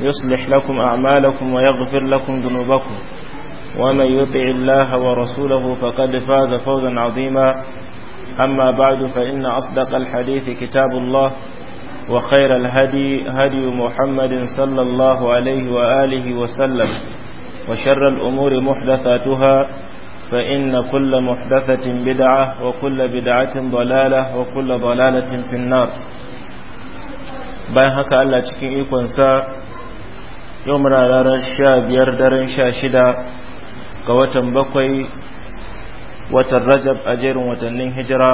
يصلح لكم أعمالكم ويغفر لكم ذنوبكم ومن يطع الله ورسوله فقد فاز فوزا عظيما أما بعد فإن أصدق الحديث كتاب الله وخير الهدي هدي محمد صلى الله عليه وآله وسلم وشر الأمور محدثاتها فإن كل محدثة بدعة وكل بدعة ضلالة وكل ضلالة في النار bayan haka Allah cikin ikonsa yau muna ranar sha biyar daren sha shida ga watan bakwai watan rajab a jerin watannin hijira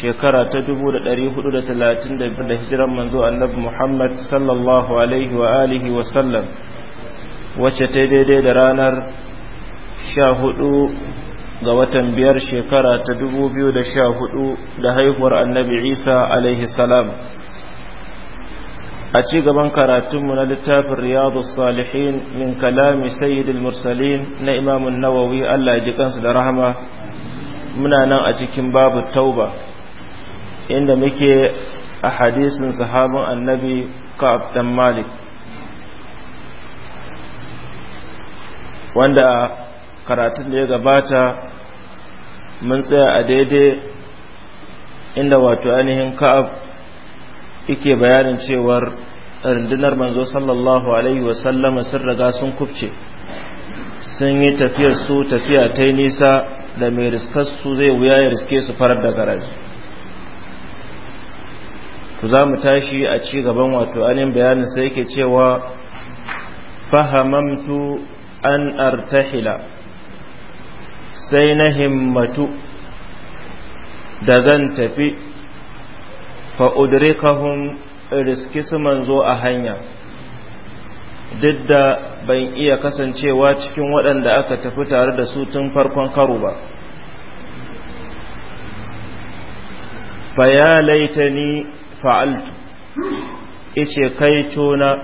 shekara ta dubu da ɗari hudu da talatin da biyar da hijiran manzo annabi muhammad sallallahu alaihi wa alihi wa sallam wacce ta daidai da ranar sha hudu ga watan biyar shekara ta dubu biyu da sha hudu da haihuwar annabi isa alaihi salam a ci gaban karatunmu na littafin riyadu salihin min kalami sayyidul mursalin na imamun nawawi allah ji kansu da rahama muna nan a cikin babu tauba inda muke a hadisin sahabin annabi ka'ab dan malik wanda a karatun da ya gabata mun tsaya a daidai inda wato ainihin ka'ab yake bayanin cewar rundunar manzo sallallahu alaihi wasallama sun riga sun kufce sun yi tafiyar su tafiya ta nisa da mai riskar su zai wuya ya riske su farar da garaji ku za mu tashi a ci gaban wato anin bayanin sai yake cewa fahamamtu an artahila sai na himmatu da zan tafi fa udrikahum riski su manzo a hanya duk da ban iya kasancewa cikin waɗanda aka tafi tare da su tun farkon karo ba fa ya ni fa'altu ice kai tona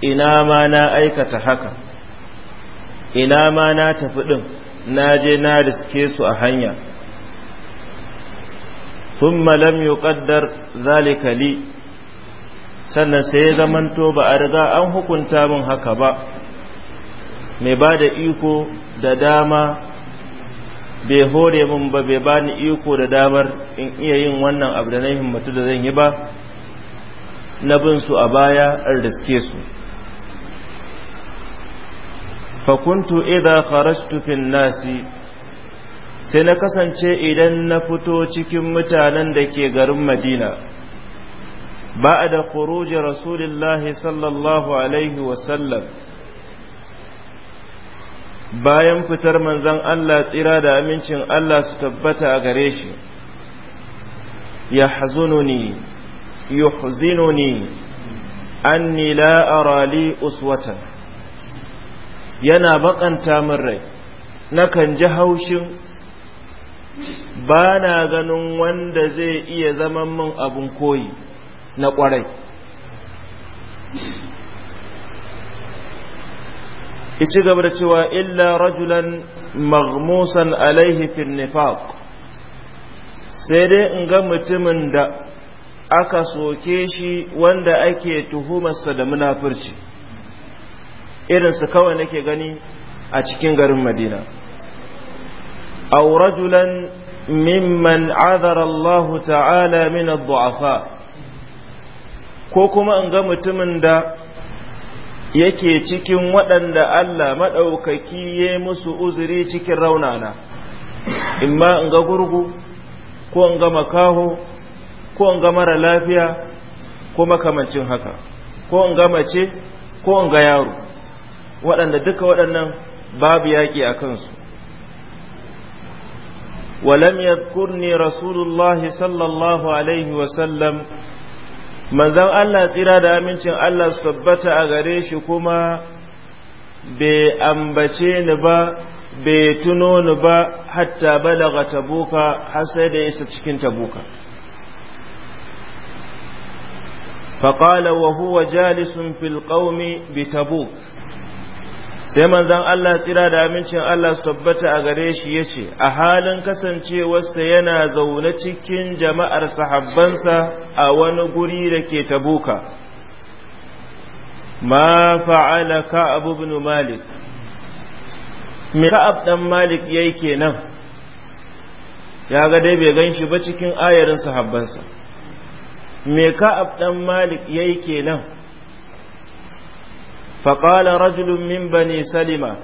ina ma na aikata haka ina ma na tafi ɗin na je na riske su a hanya thumma lam yuqaddar zalika li sannan sai ya zamanto ba a riga an hukunta min haka ba mai ba da iko da dama bai hore min ba bai bani iko da damar in iya yin wannan abu da na himmatu da zan yi ba na bin su a baya an riske su fakuntu idha kharajtu fin nasi sai na kasance idan na fito cikin mutanen da ke garin madina ba da kuruji rasulillahi sallallahu alaihi wasallam bayan fitar manzan Allah tsira da amincin Allah su tabbata a gare shi ya hazununi yuhzinuni anni la a Rali uswatan yana bakanta min rai nakan ji haushin ba na ganin wanda zai iya zaman min abin koyi na kwarai ci gaba da cewa illa rajulan maghmusan alaihi fil nifaq sai dai in ga mutumin da aka soke shi wanda ake tuhumarsa da munafurci irinsu kawai nake gani a cikin garin madina أو رجلا ممن عذر الله تعالى من الضعفاء كوكما أنغم تمندا yake cikin waɗanda Allah maɗaukaki ya musu uzuri cikin raunana, in ma in ga gurgu, ko in ga makaho, ko in ga mara lafiya, ko makamancin haka, ko in ga mace, ko in ga yaro, waɗanda duka waɗannan babu yaƙi a kansu. ولم يذكرني رسول الله صلى الله عليه وسلم manzan Allah tsira da amincin Allah su tabbata a gare shi kuma bai ambace ni ba bai tuno ni ba hatta balaga tabuka har sai da isa cikin tabuka faƙala wa huwa jalisun fil qaumi bi tabuk sai manzan Allah tsira da amincin Allah su tabbata a gare shi ya ce a halin kasancewarsa yana zaune cikin jama'ar sahabbansa a wani guri da ke tabuka ma fa'ala abu ibn malik me ka'ab dan malik ya ke kenan ya ga dai bai ganshi ba cikin ayarin sahabbansa me ka'ab dan malik ya ke kenan faƙala rajulun min bani salima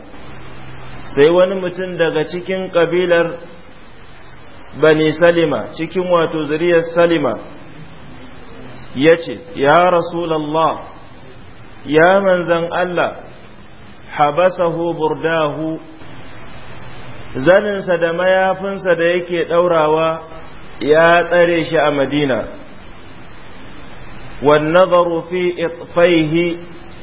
sai wani mutum daga cikin ƙabilar bani salima cikin wato zuriyar salima ya ce ya rasulallah ya manzan Allah habasahu burdahu zaninsa da mayafinsa da yake ɗaurawa ya tsare shi a madina والنظر في إطفيه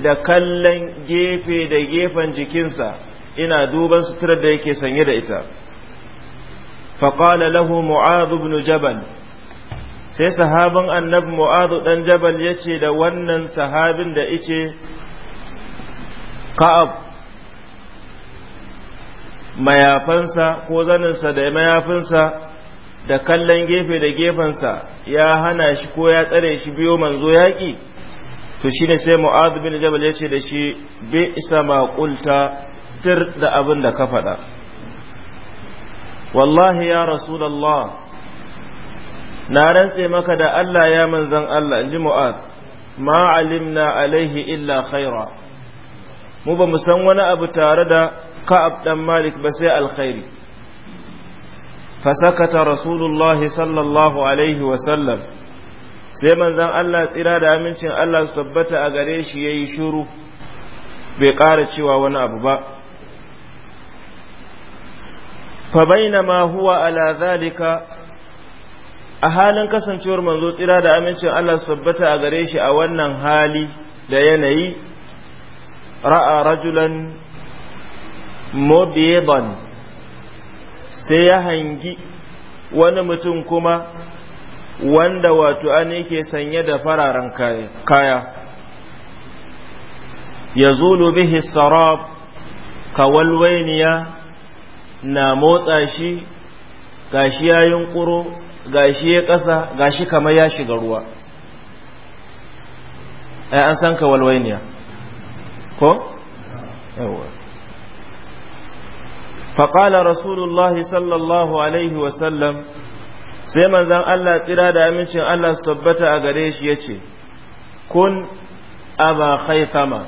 da kallon gefe da gefen jikinsa ina duban suturar da yake sanye da ita faƙala lahu mu'adu ibn jabal sai sahabin annabi mu'adu dan jabal ya ce da wannan sahabin da ice ka'ab mayafansa ko zaninsa da mayafinsa da kallon gefe da gefensa ya hana shi ko ya tsare shi biyo manzo yaƙi to ne sai mu'adh bin jabal yace da shi bi isa ma qulta tir da abin da ka faɗa wallahi ya rasulullah na rantse maka da Allah ya manzan Allah inji mu'adh ma alimna alaihi illa khaira mu ba mu san wani abu tare da ka'ab dan malik ba sai alkhairi fasakata rasulullahi sallallahu alaihi wa sallam sai manzan Allah tsira da amincin Allah su tabbata a gare shi ya yi shuru bai ƙara cewa wani abu ba fabaina ma huwa ala zalika a halin kasancewar manzo tsira da amincin Allah su tabbata a gare shi a wannan hali da yanayi ra'a rajulan sai ya hangi wani mutum kuma wanda wato an yake sanye da fararen kaya ya zulu bihi sarab kawalwainiya na motsa shi gashi ya yunkuro gashi ya ƙasa gashi kamar ya shiga ruwa ai an san kawalwainiya ko? yawa faƙala rasulullahi sallallahu alaihi wasallam sai manzan Allah tsira da amincin Allah su tabbata a gare shi ya ce kun aba haifama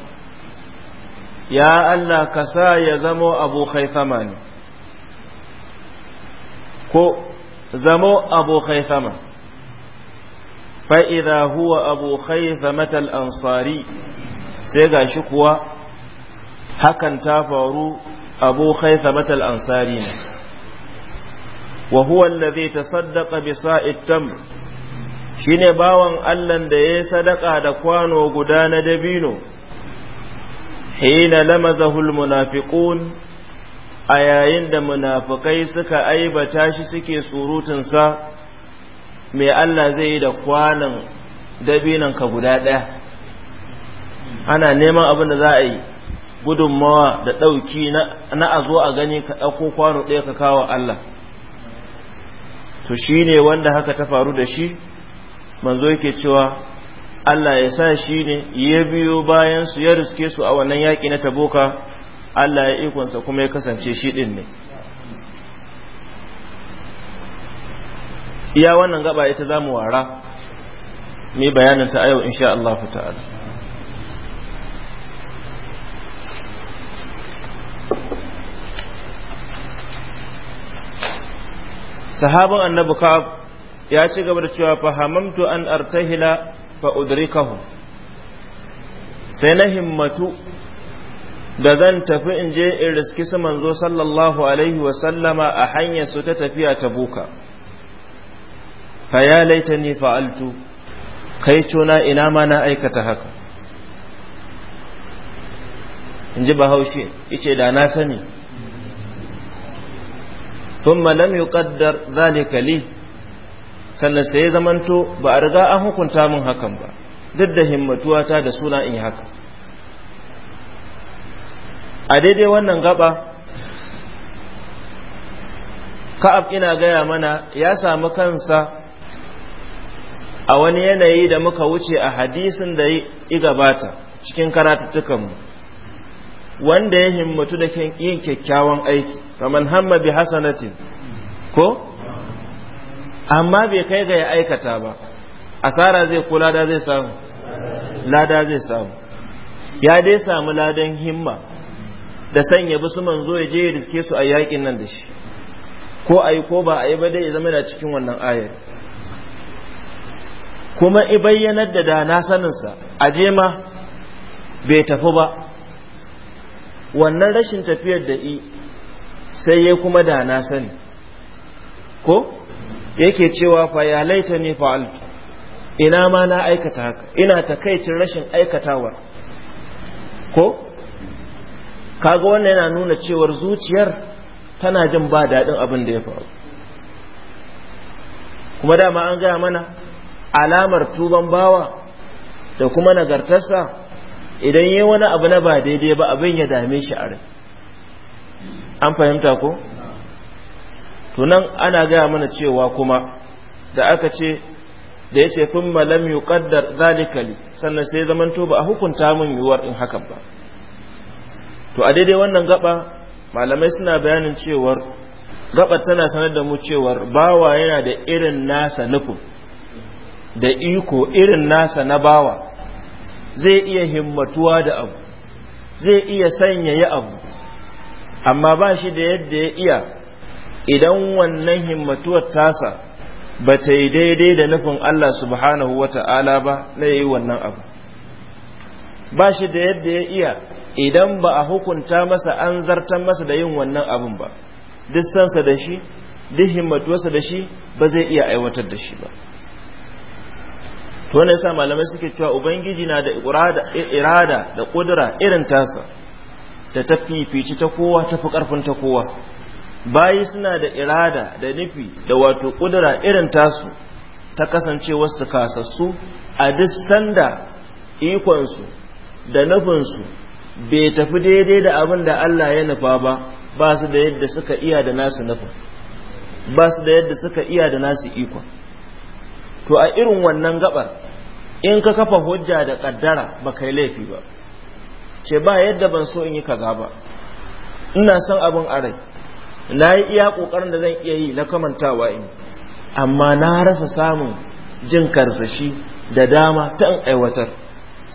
ya Allah ka sa ya zamo abu haifama ne ko zamo abu haifama fa'iza huwa abu haifamatal ansari sai ga shi kuwa hakan ta faru abu haifamatal ansari ne wa huwa allazi tasaddaqa bi sa'it tam shine bawan Allah da ya sadaka da kwano guda na dabino hina lamazahu almunafiqun a yayin da munafikai suka aibata shi suke surutun sa me Allah zai yi da kwanan dabinan ka guda daya ana neman abin da za a yi gudunmawa da ɗauki na a zo a gani ka ɗauko kwano ɗaya ka kawo Allah to shi ne wanda haka ta faru da shi manzo yake cewa Allah ya sa shi ne ya biyo bayan su ya riske su a wannan yaki na taboka Allah ya ikonsa kuma ya kasance shi ɗin ne iya wannan gaba ita zamu wara mai bayanin ta a yau insha Allah ta'ala sahabin annabi ka'ab ya ci gaba da cewa fahamamtu an artahila fa udrikahum sai na himmatu da zan tafi in je in riski su manzo sallallahu alaihi wa sallama a hanyar su ta tafiya ta buka fa ya laita ni fa'altu kai cuna ina ma na aikata haka in ji bahaushe ice da na sani thumma lam yuqaddar zalika li sannan sai ya zamanto ba a riga an hukunta min hakan ba duk da himmatuwata da suna in haka a daidai wannan gaba ka'ab ina gaya mana ya samu kansa a wani yanayi da muka wuce a hadisin da ya gabata cikin karatuttukanmu wanda ya himmatu da yin kyakkyawan aiki kamar hamma bi hasanatin ko amma bai kai ga ya aikata ba asara zai ko lada zai samu lada zai samu ya dai samu ladan himma da sanya bisu manzo ya je ya riske su a yakin nan da shi ko a ko ba a yi ba dai ya zama da cikin wannan ayar kuma i bayyanar da da na sa a je ma bai tafi ba wannan rashin tafiyar da i sai ya kuma da na sani ko yake cewa fa ya laita ni fa'altu ina ma na aikata haka ina takaicin rashin aikatawar ko kaga wannan yana nuna cewar zuciyar tana jin ba daɗin abin da ya faru kuma dama an gaya mana alamar tuban bawa da kuma nagartarsa idan yi wani abu na ba daidai ba abin ya dame shi a rai an fahimta ko tunan ana gaya mana cewa kuma da aka ce da ya ce fin malam yi kaddar zalikali sannan sai zamanto ba a hukunta min yiwuwar in hakan ba to a daidai wannan gaba malamai suna bayanin cewar gaba tana sanar da mu cewar bawa yana da irin nasa nufin da iko irin nasa na bawa zai iya himmatuwa da abu zai iya sanyaya abu amma ba shi da yadda ya iya idan wannan himmatuwar tasa ba ta yi daidai da nufin Allah subhanahu wa ta'ala ba na yi wannan abu ba shi da yadda ya iya idan ba a hukunta masa an zartar masa da yin wannan abin ba duk sansa da shi duk himmatuwarsa da shi ba zai iya aiwatar da shi ba to wannan yasa malamai suke cewa ubangiji na da irada da kudura irin tasa da ta fifici ta kowa ta fi karfin ta kowa bayi suna da irada da nufi da wato kudura irin tasu ta kasance wasu kasassu a duk sanda ikonsu da nufinsu bai tafi daidai da abin da Allah ya nufa ba ba su da yadda suka iya da nasu nufin ba su da yadda suka iya da nasu ikon to a irin wannan gabar in ka kafa hujja da kaddara ba kai laifi ba ce ba yadda ban so in yi kaza ba ina son abin a rai na yi iya kokarin da zan iya yi na kamantawa in amma na rasa samun jin karsashi da dama ta in aiwatar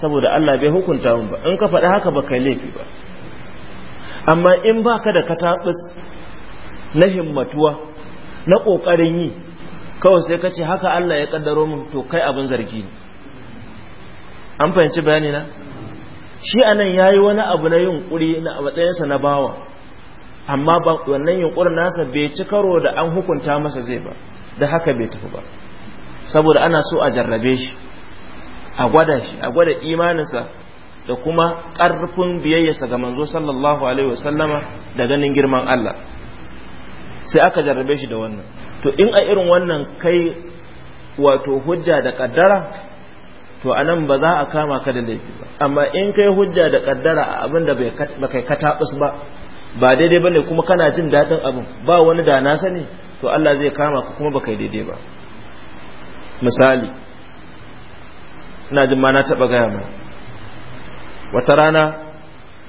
saboda Allah bai hukunta mun ba in ka faɗi haka ba kai laifi ba amma in baka da katabus na himmatuwa na ƙoƙarin yi kawai sai ka ce haka Allah ya kaddaro mu to kai abin zargi ne an fahimci bayani na shi anan yayi wani abu na yunkuri na sa na bawa amma ba wannan yunkurin nasa bai ci karo da an hukunta masa zai ba da haka bai tafi ba saboda ana so a jarrabe shi a gwada shi a gwada imaninsa da kuma ƙarfin biyayyarsa ga manzo sallallahu alaihi wasallama da ganin girman Allah sai aka jarrabe shi da wannan to in a irin wannan kai wato hujja da kaddara to a nan ba za a kama ka da laifi ba amma in kai hujja da kaddara a abin da ba kai ba ba daidai bane kuma kana jin daɗin abin ba wani da na sani to Allah zai kama ka kuma ba kai daidai ba misali ina jin ma na taɓa gaya ma wata rana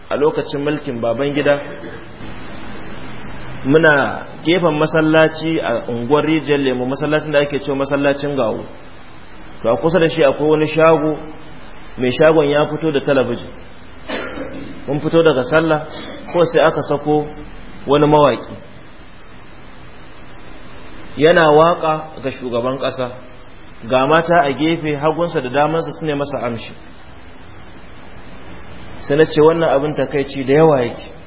a lokacin mulkin baban gida muna gefen masallaci a unguwar rijiyar lemu masallacin da ake cewa masallacin gawo to a kusa da shi akwai wani shago mai shagon ya fito da talabijin mun fito daga sallah ko sai aka sako wani mawaki yana waka ga shugaban ƙasa ga mata a gefe hagunsa da damansa su ne masa amshi sai na ce wannan abin takaici da yawa yake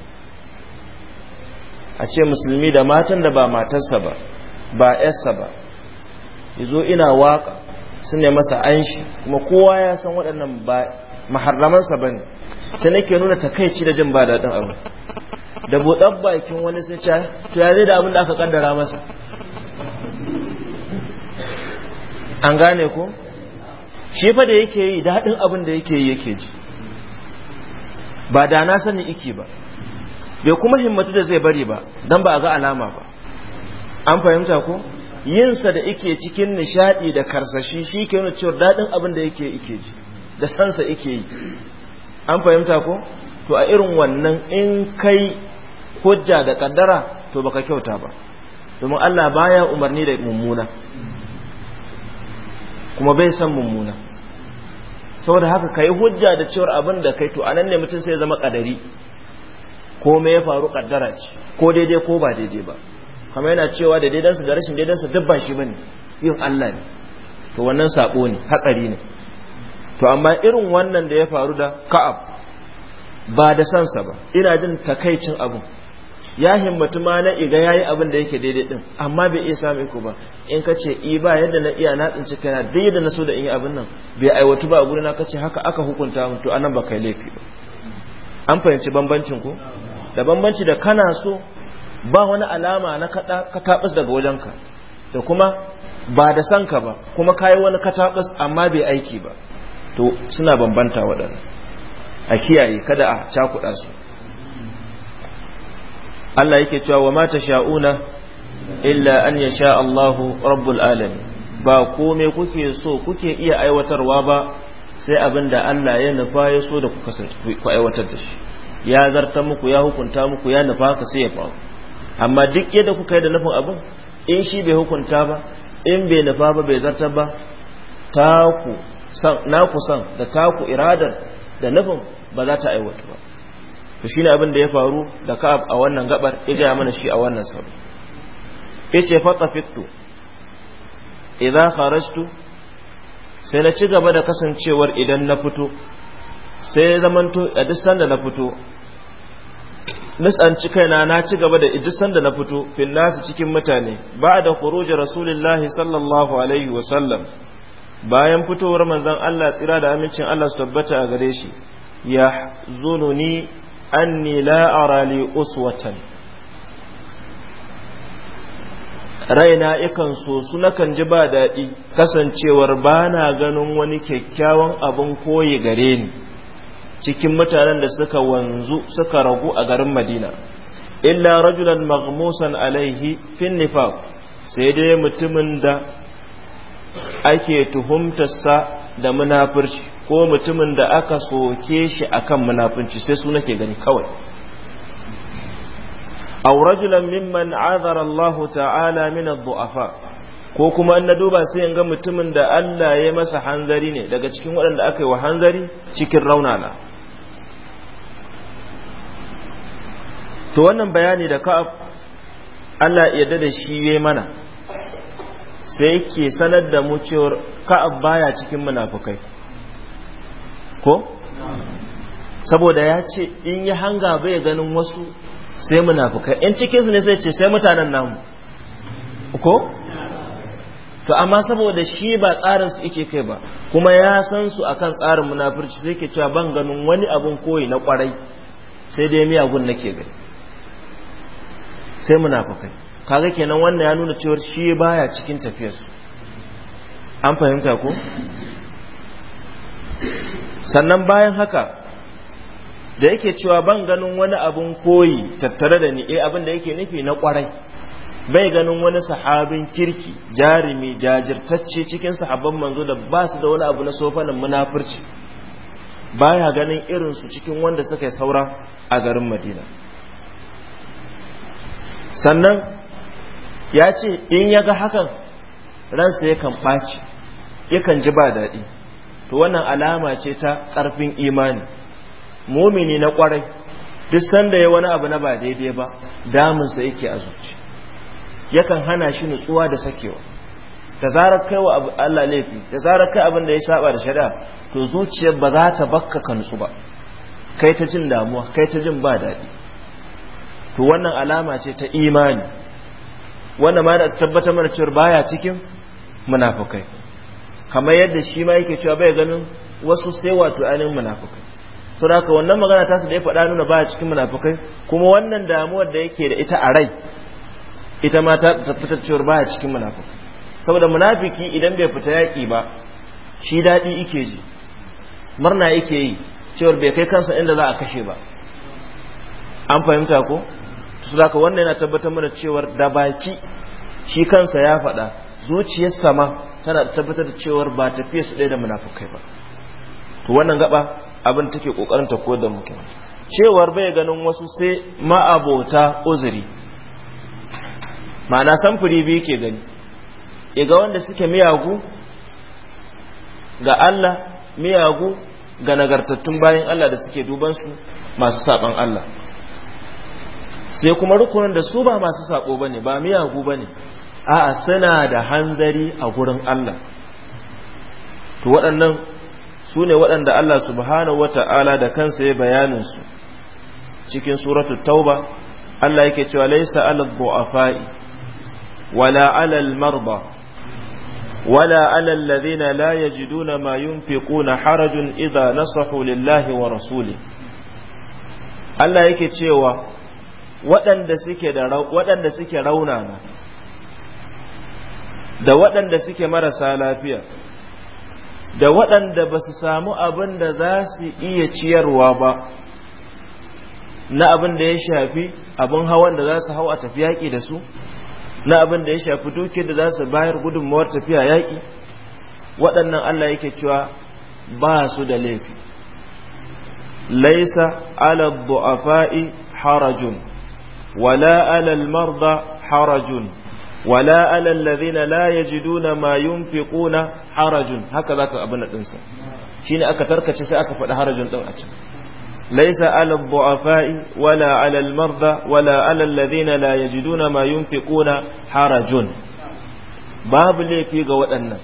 a ce musulmi da matan da ba matarsa ba ba yarsa ba yazo ina waka su ne masa anshi kuma kowa ya san waɗannan ba maharramansa bane sai nake nuna takaici da jin ba daɗin abu da buɗar bakin wani sai ce to ya zai da abin da aka kaddara masa an gane ko shi fa da yake yi daɗin abin da yake yi yake ji ba da na sani iki ba bai kuma himmatu da zai bari ba don ba a ga alama ba an fahimta ko yinsa da ike cikin nishadi da karsashi shi ke nuna cewa daɗin abin da yake ike ji da sansa ike yi an fahimta ko to a irin wannan in kai hujja da kaddara to baka kyauta ba domin Allah baya umarni da mummuna kuma bai san mummuna saboda haka kai hujja da cewar abin da kai to anan ne mutum sai zama kadari ko me ya faru kaddara ce ko daidai ko ba daidai ba kamar yana cewa da su da rashin sa duk ba shi bane yin Allah ne to wannan sako ne hatsari ne to amma irin wannan da ya faru da Ka'ab ba da sansa ba ina jin takaicin abu ya himmatu ma na iga yayi abin da yake daidai din amma bai iya samu iko ba in ka ce i ba yadda na iya na tsinci kana daidai da na so da in yi abin nan bai aiwatu ba a gurin ka ce haka aka hukunta mu to anan ba kai laifi ba an fahimci bambancin ku da bambanci da kana so ba wani alama na katabas daga wajenka da kuma ba da san ka ba kuma kayi wani katabas amma bai aiki ba to suna bambanta waɗanda a kiyaye kada a cakuɗa su Allah yake cewa wa mata sha'una illa an ya sha Allahu rabbul alami ba kome kuke so kuke iya aiwatarwa ba sai abin da Allah ya nufa ya so da ku aiwatar da shi ya zarta muku ya hukunta muku ya nufa ka sai ya faru amma duk yadda kuka yi da nufin abin in shi bai hukunta ba in bai nufa ba bai zarta ba ku san naku san da taku iradar da nufin ba za ta aiwatu ba to shine abin da ya faru da ka a wannan gabar ya ja mana shi a wannan sabu yace fa tafittu idza kharajtu sai na ci gaba da kasancewar idan na fito sai zamanto a duk sanda na fito nisanci kaina na ci gaba da ijisan da na fito fin nasu cikin mutane ba da kuroji rasulullahi sallallahu alaihi wasallam bayan fitowar manzan Allah tsira da amincin Allah su tabbata a gare shi ya zununi anni la ara uswatan raina ikan so su nakan ji ba daɗi kasancewar ba na ganin wani kyakkyawan abin koyi gare ni cikin mutanen da suka wanzu suka ragu a garin madina illa rajulan maghmusan alaihi fin nifaq sai dai mutumin da ake tuhumtarsa da munafurci ko mutumin da aka soke shi akan munafurci sai su nake gani kawai aw rajulan mimman azara Allah ta'ala min ad ko kuma in na duba sai in ga mutumin da Allah ya masa hanzari ne daga cikin waɗanda aka yi wa hanzari cikin raunana to wannan bayani da ka'ab Allah ya da shi yayi mana sai yake sanar da mu cewa ka'ab baya cikin munafukai ko saboda ya ce in yi hanga bai ganin wasu sai munafukai in cikinsu ne sai ce sai mutanen namu ko to amma saboda shi ba tsarin su yake kai ba kuma ya san su akan tsarin munafurci sai ke cewa ban ganin wani abun koyi na kwarai sai dai miyagun nake gani sai munafukai kaga kenan wannan ya nuna cewa shi baya cikin tafiyar su. an fahimta ko sannan bayan haka da yake cewa ban ganin wani abun koyi tattare da ni eh abin da yake nufi na kwarai bai ganin wani sahabin kirki jarumi jajirtacce cikin sahabban manzo da ba su da wani abu na sofanin munafurci baya ganin irin su cikin wanda suka yi saura a garin madina sannan ya ce in ya ga hakan ransa yakan ɓaci yakan ji ba daɗi to wannan alama ce ta ƙarfin imani mumini na kwarai duk sanda ya wani abu na ba daidai ba damunsa yake a zuci yakan hana shi nutsuwa da sakewa da zarar kai wa Allah laifi da zarar kai abin da ya saba da shari'a to zuciyar ba za ta bakka kan su ba kai ta jin damuwa kai ta jin ba daɗi to wannan alama ce ta imani wanda ma da tabbatar mana cewa baya cikin munafukai kamar yadda shi ma yake cewa bai ganin wasu sai wato ainihin munafukai da ka wannan magana tasu da ya faɗa nuna ba cikin munafukai kuma wannan damuwar da yake da ita a rai ita ma ta tabbatar cewa ba cikin munafukai saboda munafiki idan bai fita yaƙi ba shi daɗi yake ji murna yake yi cewar bai kai kansa inda za a kashe ba an fahimta ko su da wannan yana tabbatar mana cewar da baki shi kansa ya faɗa zuciyarsa ma tana tabbatar da cewar ba tafiya su ɗaya da munafukai ba to wannan gaba abin take kokarin ta koyar da mu kenan cewar bai ganin wasu sai ma'abota uzuri ma'ana samfuri biyu ke gani ga wanda suke miyagu ga Allah miyagu ga nagartattun bayan Allah da suke duban su masu saban Allah sai kuma rukunin da su ba masu sabo bane ba miyagu bane a'a suna da hanzari a gurin Allah to waɗannan su ne waɗanda Allah subhanahu ta'ala da kansa ya bayaninsu cikin suratul tauba Allah yake cewa laisa alal du'afa'i wala alal marba wala alal ladhina la yajiduna ma yunfiquna harajun idza nasahu lillahi wa rasuli Allah yake cewa waɗanda suke da waɗanda suke raunana da waɗanda suke marasa lafiya da waɗanda ba su samu abin da za su iya ciyarwa ba na abin da ya shafi abin hawan da za su hau a tafi yaƙi da su na abin da ya shafi dukiyar da za su bayar gudunmawar tafiya yaƙi waɗannan Allah yake cewa ba su da laifi laisa ala du'afa'i harajun wala ala al harajun wala ala alladhina la yajiduna ma yunfiquna harajun haka zaka abin din sa shine aka tarkace sai aka faɗi harajun din a Laisa laysa ala ad-du'afa'i wala ala marda wala ala alladhina la yajiduna ma yunfiquna harajun babu laifi ga waɗannan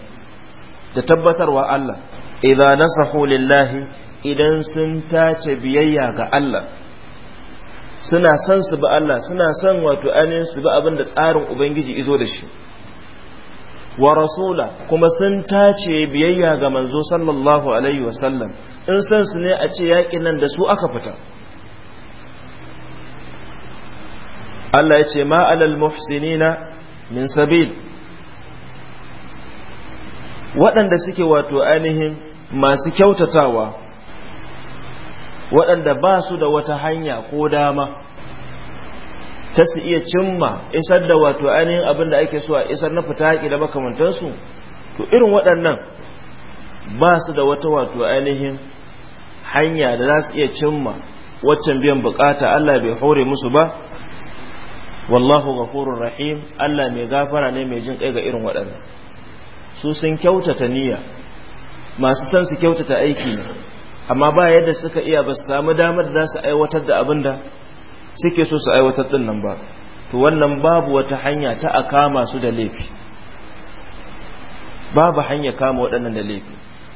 da tabbatarwa Allah idza nasahu lillahi idan sun tace biyayya ga Allah suna son su bi Allah suna son wato ainihin su bi abin da tsarin ubangiji izo da shi wa rasula kuma sun tace biyayya ga manzo sallallahu alaihi wasallam in san su ne a ce yaƙin nan da su aka fita Allah ya ce ma'alal muhsinina min sabil waɗanda suke wato ainihin masu kyautatawa waɗanda ba su da wata hanya ko dama ta su iya cimma isar da wato ainihin abin da ake so a isar na fita haƙi da makamantansu to irin waɗannan ba su da wata wato ainihin hanya da za su iya cimma waccan biyan bukata Allah bai hore musu ba wallahu ghafurur rahim Allah mai gafara ne mai jin kai ga irin waɗannan su sun kyautata niyya masu san su kyautata aiki ne amma ba yadda suka iya ba su samu damar da za su aiwatar da abin da suke so su aiwatar din nan ba to wannan babu wata hanya ta a kama su da laifi babu hanya kama waɗannan da laifi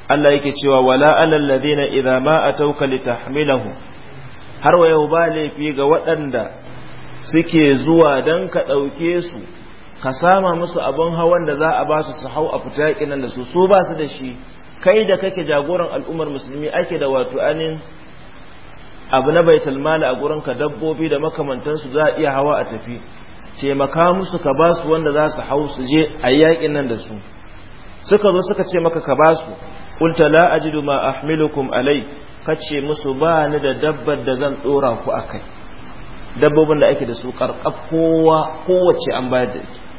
Allah yake cewa wala alal ladina idza ma atawka litahmilahu har wa yau ba laifi ga waɗanda suke zuwa dan ka ɗauke su ka sama musu abin hawan da za a ba su su hau a fita nan da su so ba su da shi kai da kake jagoran al'ummar musulmi ake da wato anin abu na baitul mali a gurinka dabbobi da makamantansu za iya hawa a tafi taimaka musu ka ba su wanda za su hau su je a yaƙin nan da su suka zo suka ce maka ka ba su qulta la ajidu ma ahmilukum alai kace musu ba ni da dabbar da zan dora ku akai dabbobin da ake da su karkar kowa kowace an bayar da ita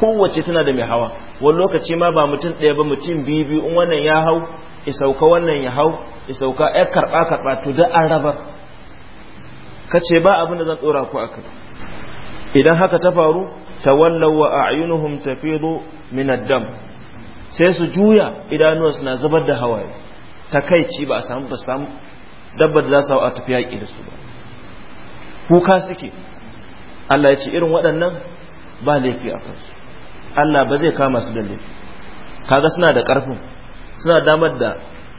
kowace tana da mai hawa wani lokaci ma ba mutum ɗaya ba mutum biyu biyu in wannan ya hau isauka wannan ya hau isauka ya karɓa karɓa to da an rabar ka ce ba abin da zan ɗora ku akai idan haka ta faru ta wa a'yunuhum tafidu min ad-dam sai su juya idanuwansu na zubar da hawaye ta ci ba a samu ba samu dabbar da za su hau a tafi yaƙi da su ba kuka suke Allah ya ce irin waɗannan ba laifi a kansu Allah ba zai kama su da laifi kaga suna da karfin suna damar da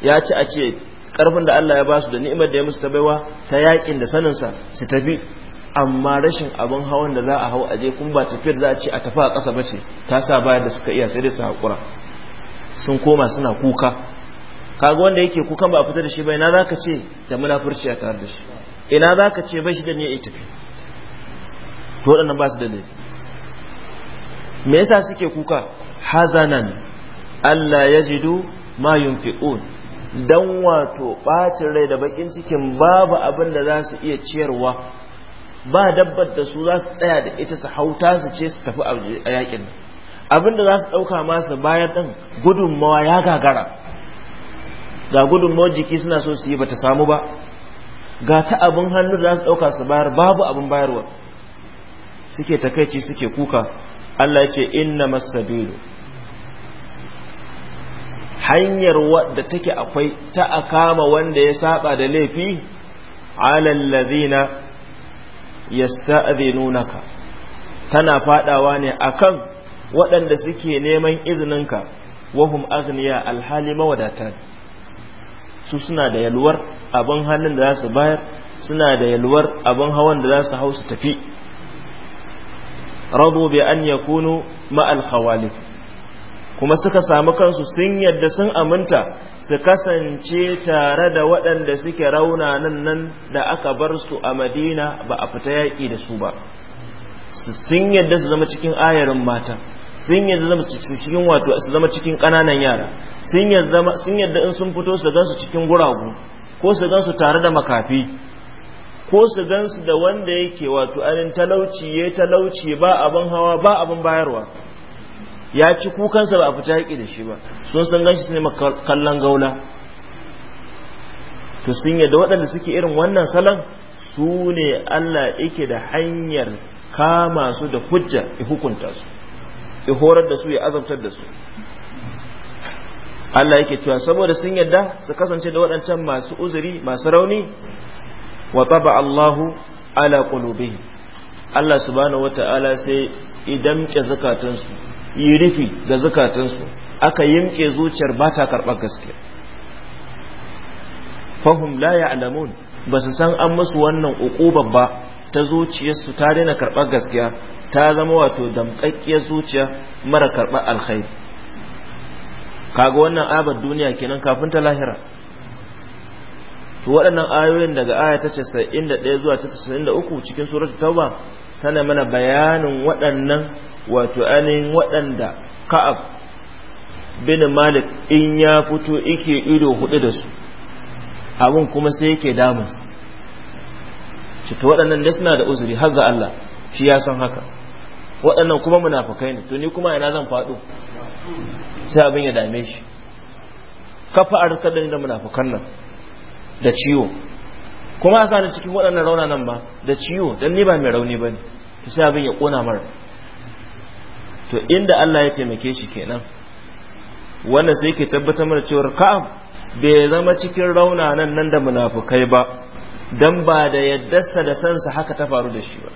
ya ci a ce karfin da Allah ya ba su da ni'imar da ya musu ta baiwa ta yakin da saninsa su tafi amma rashin abin hawan da za a hau aje kun ba tafiyar za a ce a tafi a ƙasa bace ta sa baya da suka iya sai dai su haƙura sun koma suna kuka kaga wanda yake kukan ba a fita da shi ba ina za ka ce da munafurci a tare da shi ina za ka ce ba shi da ni ya tafi to waɗannan ba su da laifi me yasa suke kuka hazanan Allah ya jidu ma yunfiqun dan wato bacin rai da bakin cikin babu abin da za su iya ciyarwa ba dabbar da su za su tsaya da ita su hauta su ce su tafi a yakin abin da za su ɗauka masu bayan ɗin gudunmawa ya gagara ga gudunmawar jiki suna so su yi ba ta samu ba ga ta abin hannu da za su ɗauka su bayar babu abin bayarwa suke takaici suke kuka Allah ce inna masabilu hanyar wadda take akwai ta a wanda ya saba da laifi ladina yasta'dhinunaka tana fadawa ne akan waɗanda suke neman izininka wahum aghniya alhali mawadata su suna da yalwar abin halin da za su bayar suna da yalwar abin hawan da za su hau su tafi radu bi an yakunu ma'al khawalif kuma suka samu kansu sun yadda sun aminta su kasance tare da waɗanda suke rauna nan nan da aka bar su a madina ba a fita yaƙi da su ba sun yadda su zama cikin ayarin mata sun yadda zama cikin wato su zama cikin ƙananan yara sun yadda in sun fito su gansu cikin guragu ko su gansu tare da makafi ko su gansu da wanda yake wato anin talauci ya talauci ba abin hawa ba abin bayarwa ya ci kukansa ba a fita haƙi da shi ba sun san ganshi su ne kallon gaula to sun yadda waɗanda suke irin wannan salon su ne Allah yake da hanyar kama su da hujja ya hukunta su ya horar da su ya azabtar da su Allah yake cewa saboda sun yarda su kasance da waɗancan masu uzuri masu rauni wa taba Allahu ala kulubihi Allah subhanahu wata'ala sai idan ke zakatansu yi rufi ga zakatansu aka yimke zuciyar ba ta karɓar gaske fahum la ya'lamun ba su san an musu wannan uquba ba ta zuciyarsu ta daina karɓar gaskiya ta zama wato damƙaƙƙiyar zuciya mara karɓar alkhairi kaga wannan abar duniya kenan kafin ta lahira to waɗannan ayoyin daga aya ta 91 zuwa ta 93 cikin suratul tauba tana mana bayanin waɗannan wato ainihin waɗanda ka'ab bin malik in ya fito yake ido hudu da su abin kuma sai yake damus shi waɗannan da suna da uzuri har ga Allah shi ya san haka waɗannan kuma munafukai ne to ni kuma ina zan faɗo sai abin ya dame shi kafa ni da munafukan nan da ciwo kuma a sani cikin waɗannan raunanan ba da ciwo don ni ba mai rauni ba ne to sai abin ya ƙona mara to inda Allah ya taimake shi kenan wanda sai ke tabbatar mana cewar ka'ab bai zama cikin raunanan nan da munafukai ba don ba da yaddarsa da sansa haka ta faru da shi ba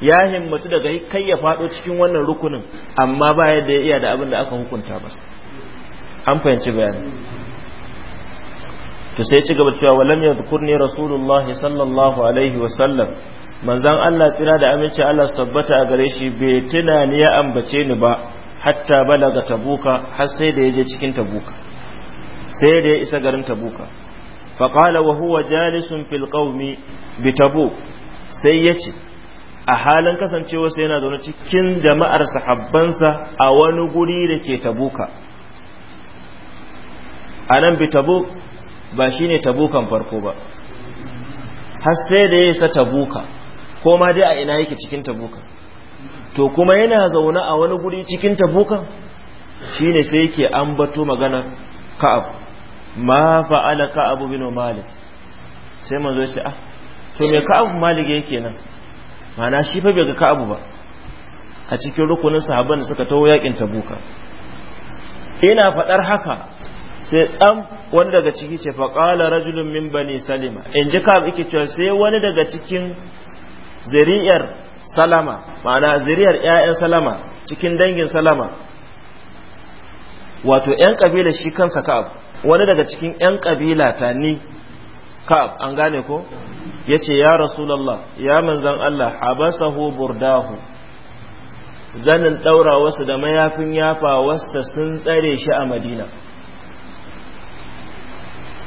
ya himmatu daga kai ya faɗo cikin wannan rukunin amma ba yadda ya iya da abin da aka hukunta ba an fahimci bayani to sai ci gaba cewa walam yadhkurni rasulullah sallallahu alaihi wa sallam manzon Allah tsira da aminci Allah su tabbata a gare shi bai tuna ni ya ambace ni ba hatta balaga tabuka har sai da yaje cikin tabuka sai da ya isa garin tabuka fa qala wa huwa jalisun fil qaumi bi tabuk sai yace a halin kasancewa sai yana zaune cikin jama'ar sahabbansa a wani guri da ke tabuka a nan bi tabuk ba shi ne tabukan farko ba har sai da ya isa tabuka ko ma dai a ina yake cikin tabuka to kuma yana zaune a wani guri cikin shi ne sai yake ambato magana ka'ab ma fa'ala ka'ab bin malik sai manzo zo ce ah to me ka'ab malik yake nan mana shi fa bai ga ka'abu ba a cikin rukunin sahabban da suka taho yakin tabuka ina fadar haka sai dan wani daga ciki ce fa qala rajulun min bani salima in ji ka yake cewa sai wani daga cikin zuriyar salama ma'ana zuriyar ƴaƴan salama cikin dangin salama wato ƴan kabila shi kansa ka'ab wani daga cikin ƴan kabila ta ni ka'ab an gane ko yace ya rasulullah ya manzon Allah habasahu burdahu zanin daura wasu da mayafin yafa wasu sun tsare shi a madina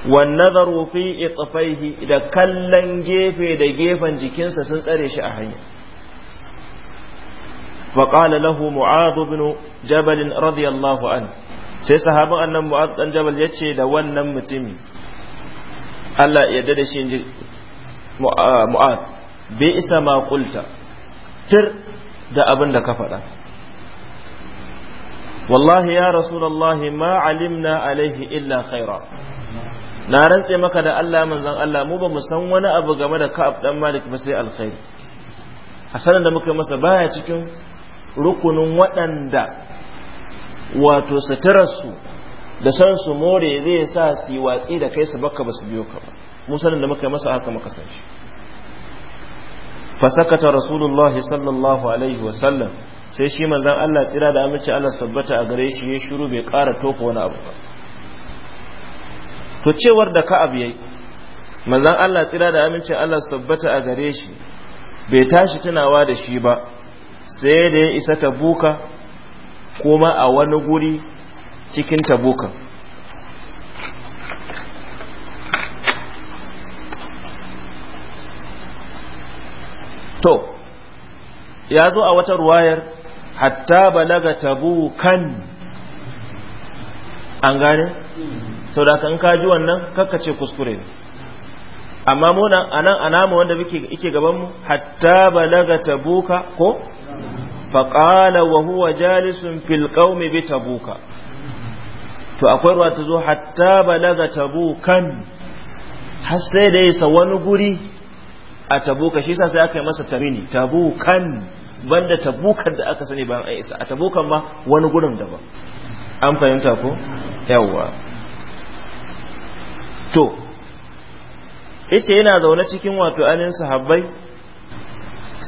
والنظر في إطفيه إذا كلن da gefen جيفا جيكين tsare shi فقال له معاذ بن جبل رضي الله عنه sai sahaban annan mu'az dan jabal yace da wannan mutumi Allah ya yarda da shi inji mu'az bi isa ma qulta tir da abin da ka faɗa wallahi ya rasulullahi ma alimna alaihi illa khaira na rantse maka da Allah manzon Allah mu ba mu san wani abu game da Ka'ab dan Malik ba sai alkhairi hasanan da muka masa baya cikin rukunin waɗanda wato su da san su more zai sa su watsi da kai su baka ba su biyo ka mu sanin da muka masa haka muka san shi fasakata rasulullahi sallallahu alaihi wasallam sai shi manzon Allah tsira da amince Allah sabbata a gare shi ya shiru bai ƙara tofa wani abu ba to cewar da abu yayi manzon Allah tsira da amincin Allah su tabbata a gare shi bai tashi tunawa da shi ba sai da ya isa tabuka kuma a wani guri cikin tabuka to ya zo a wata ruwayar hatta balaga tabukan an gane sau da kan kaji wannan ce kuskure ne amma muna anan anama wanda muke ike gaban mu hatta balaga tabuka ko faqala wa huwa jalisun fil qaumi bi tabuka to akwai ruwa ta zo hatta balaga tabukan har sai da yasa wani guri a tabuka shi yasa sai aka yi masa tarini tabukan banda tabukan da aka sani ba a isa a tabukan ma wani gurin daban an fahimta ko yawwa to yace yana zaune cikin wato alin sahabbai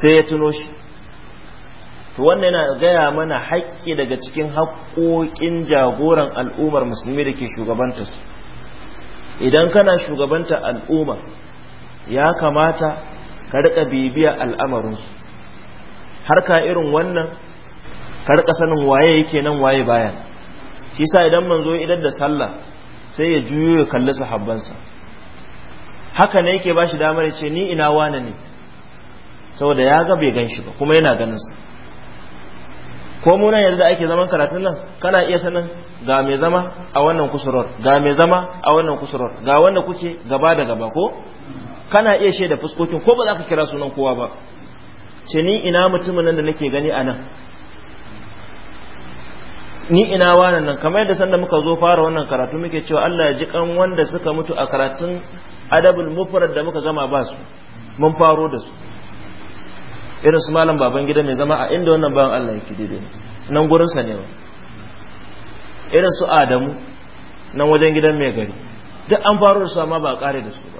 sai ya tuno shi to wannan yana gaya mana haƙƙi daga cikin haƙƙoƙin jagoran al'ummar musulmi da ke shugabanta su idan kana shugabanta al'umma ya kamata ka riƙa bibiya al'amarinsu har ka irin wannan ka riƙa sanin waye yake nan waye bayan shi sa idan manzo idan da sallah sai ya juyo ya kalli sahabbansa haka ne yake bashi damar ya ce ni ina wane ne saboda ya ga bai gan shi ba kuma yana ganin sa ko mu nan yanzu da ake zaman karatun nan kana iya sanin ga mai zama a wannan kusurwar ga mai zama a wannan kusurwar ga wanda kuke gaba da gaba ko kana iya shaida fuskokin ko ba za ka kira sunan kowa ba ce ni ina mutumin nan da nake gani a nan ni ina wannan nan kamar yadda sanda muka zo fara wannan karatu muke cewa Allah ya ji kan wanda suka mutu a karatun adabul mufrad da muka gama ba su mun faro da su irin su malam baban gida mai zama a inda wannan bayan Allah yake daidai nan gurin sa ne irin su Adamu nan wajen gidan mai gari duk an faro da su amma ba a kare da su ba